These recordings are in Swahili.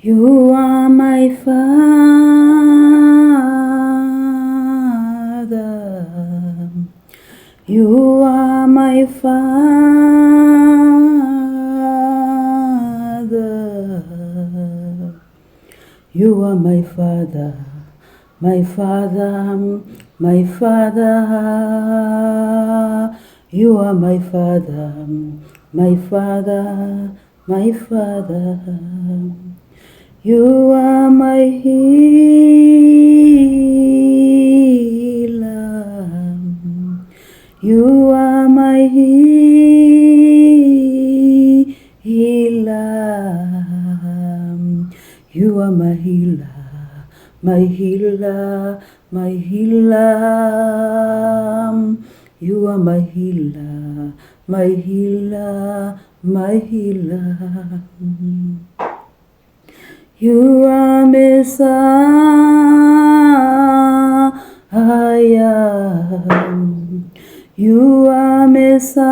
You are my father. You are my father. You are my father. My father, my father. You are my father, my father, my father. You are my healer. You are my healer. You are my healer. My healer, my healer. You are my healer, my healer, my healer. You are Messiah. You are Messiah.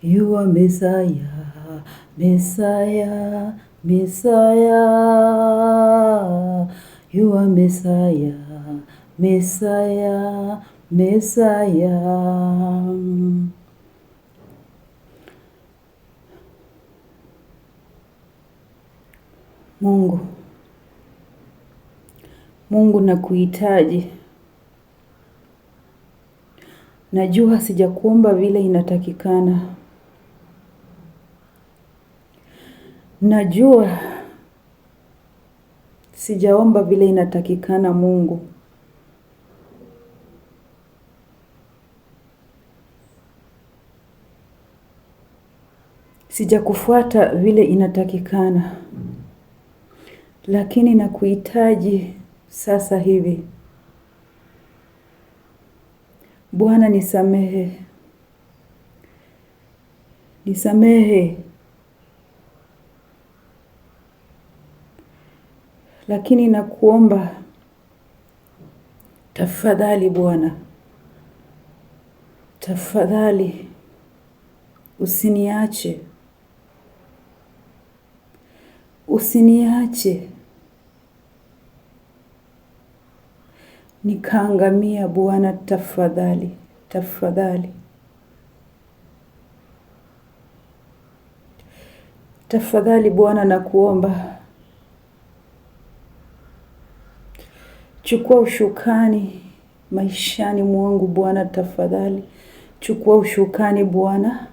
You are Messiah. Messiah. Messiah. You are Messiah. Messiah. Messiah. Mungu, Mungu nakuhitaji. Najua sijakuomba vile inatakikana. Najua sijaomba vile inatakikana Mungu. Sijakufuata vile inatakikana lakini nakuhitaji sasa hivi. Bwana nisamehe, nisamehe, lakini nakuomba tafadhali, Bwana tafadhali, usiniache usiniache nikaangamia. Bwana, tafadhali, tafadhali, tafadhali Bwana, nakuomba chukua ushukani maishani mwangu Bwana, tafadhali chukua ushukani Bwana.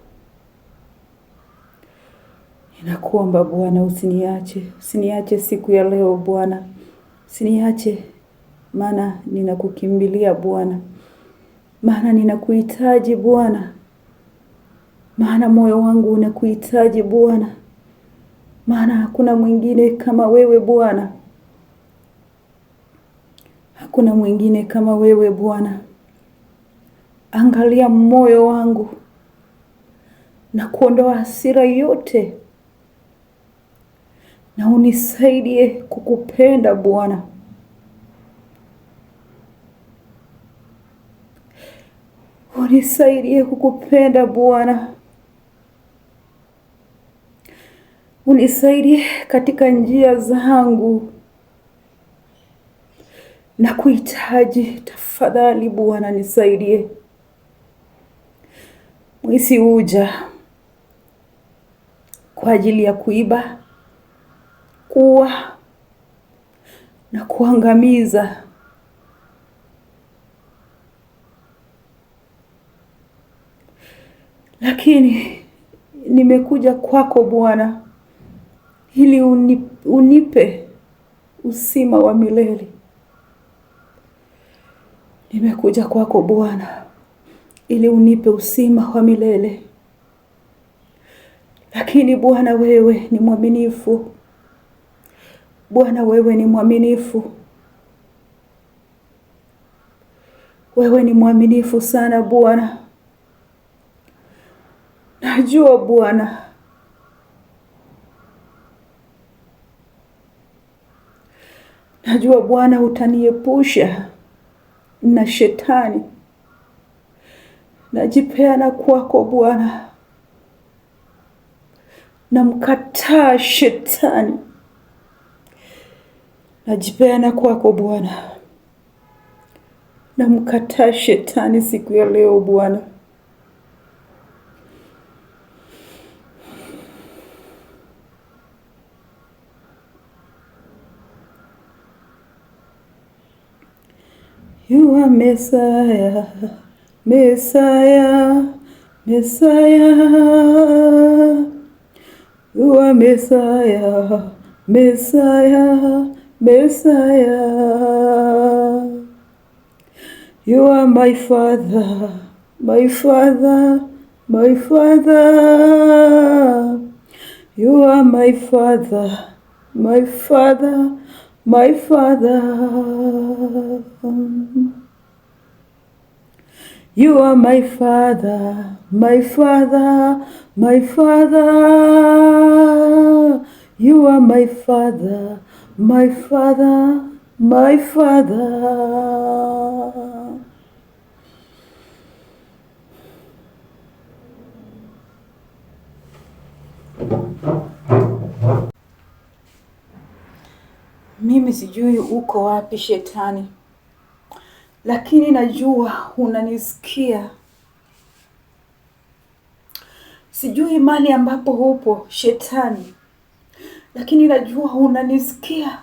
Nakuomba Bwana usiniache, usiniache siku ya leo Bwana, usiniache maana ninakukimbilia Bwana, maana ninakuhitaji Bwana, maana moyo wangu unakuhitaji Bwana, maana hakuna mwingine kama wewe Bwana, hakuna mwingine kama wewe Bwana. Angalia moyo wangu na kuondoa hasira yote na unisaidie kukupenda Bwana. Unisaidie kukupenda Bwana. Unisaidie katika njia zangu na kuhitaji, tafadhali Bwana nisaidie. Mwisi uja kwa ajili ya kuiba kuua na kuangamiza. Lakini nimekuja kwako Bwana ili unipe uzima wa milele. Nimekuja kwako Bwana ili unipe uzima wa milele. Lakini Bwana, wewe ni mwaminifu Bwana, wewe ni mwaminifu, wewe ni mwaminifu sana Bwana. Najua Bwana najua Bwana utaniepusha na shetani. Najipeana kwako Bwana, namkataa shetani Najipeana kwako Bwana, namkataa shetani siku ya leo Bwana, yuwa mesaya Mesaya, mesaya yuwa Mesaya, Mesaya, Messiah. You are my Father, my Father, my Father. You are my Father, my Father, my Father. You are my Father, my Father, my Father. You are my Father. My Father, my Father. Mimi sijui uko wapi shetani, lakini najua unanisikia. Sijui mali ambapo upo shetani lakini najua unanisikia.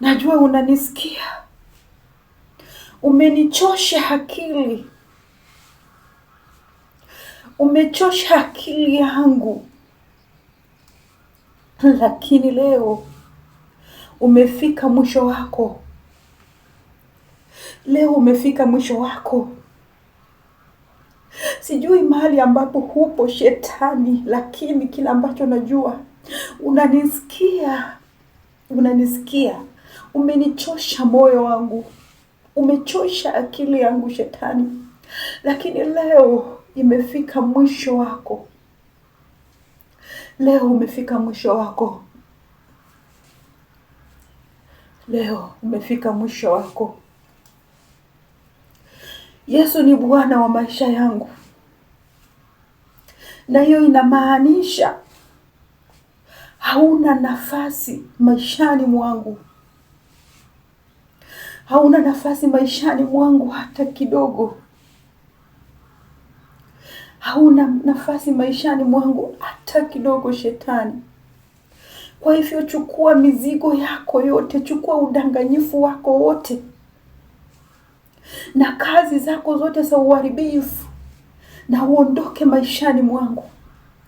Najua unanisikia. Umenichosha akili, umechosha akili yangu, lakini leo umefika mwisho wako. Leo umefika mwisho wako. Sijui mahali ambapo hupo Shetani, lakini kila ambacho najua unanisikia, unanisikia. Umenichosha moyo wangu, umechosha akili yangu Shetani, lakini leo imefika mwisho wako. Leo umefika mwisho wako. Leo umefika mwisho wako. Yesu ni Bwana wa maisha yangu na hiyo inamaanisha hauna nafasi maishani mwangu, hauna nafasi maishani mwangu hata kidogo, hauna nafasi maishani mwangu hata kidogo, Shetani. Kwa hivyo chukua mizigo yako yote, chukua udanganyifu wako wote na kazi zako zote za uharibifu na uondoke maishani mwangu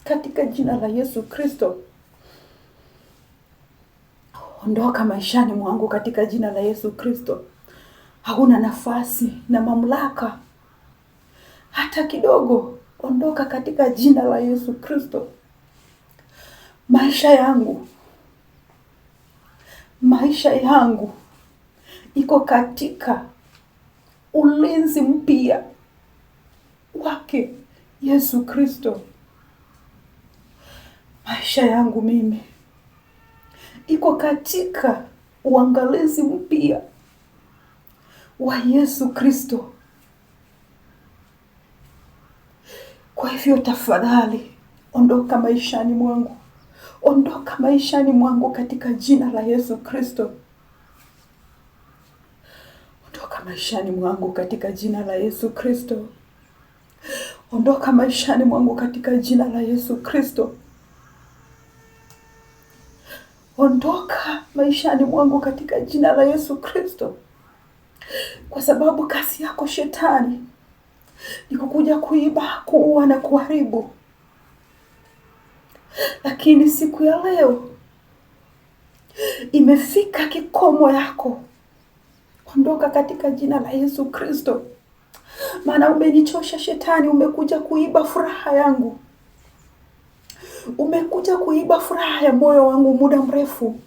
katika jina la Yesu Kristo. Ondoka maishani mwangu katika jina la Yesu Kristo. Hauna nafasi na mamlaka hata kidogo. Ondoka katika jina la Yesu Kristo. Maisha yangu, maisha yangu iko katika ulinzi mpya wake Yesu Kristo. Maisha yangu mimi iko katika uangalizi mpya wa Yesu Kristo. Kwa hivyo tafadhali, ondoka maishani mwangu, ondoka maishani mwangu katika jina la Yesu Kristo. Ondoka maishani mwangu katika jina la Yesu Kristo. Ondoka maishani mwangu katika jina la Yesu Kristo. Ondoka maishani mwangu katika jina la Yesu Kristo, kwa sababu kazi yako shetani ni kukuja kuiba, kuua na kuharibu. Lakini siku ya leo imefika kikomo yako. Ondoka katika jina la Yesu Kristo maana umenichosha Shetani, umekuja kuiba furaha yangu, umekuja kuiba furaha ya moyo wangu muda mrefu,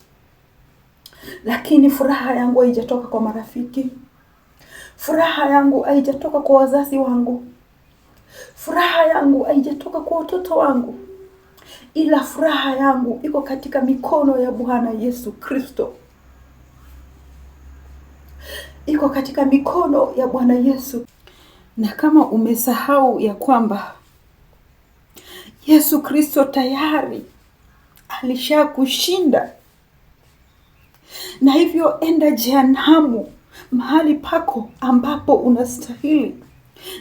lakini furaha yangu haijatoka kwa marafiki, furaha yangu haijatoka kwa wazazi wangu, furaha yangu haijatoka kwa watoto wangu, ila furaha yangu iko katika mikono ya Bwana Yesu Kristo iko katika mikono ya Bwana Yesu na kama umesahau ya kwamba Yesu Kristo tayari alishakushinda, na hivyo enda jehanamu, mahali pako ambapo unastahili,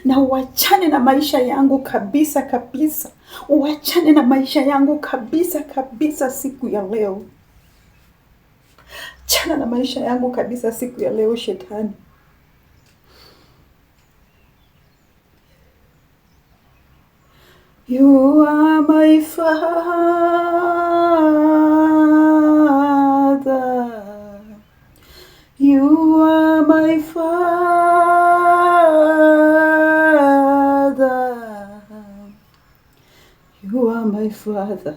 na uachane na maisha yangu kabisa kabisa, uachane na maisha yangu kabisa kabisa siku ya leo. Chana na maisha yangu kabisa siku ya leo, Shetani. Father. You are my Father. You are my Father,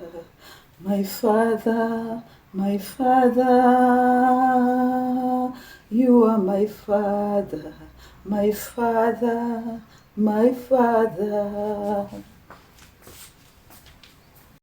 my Father, my Father. You are my Father, my Father, my Father.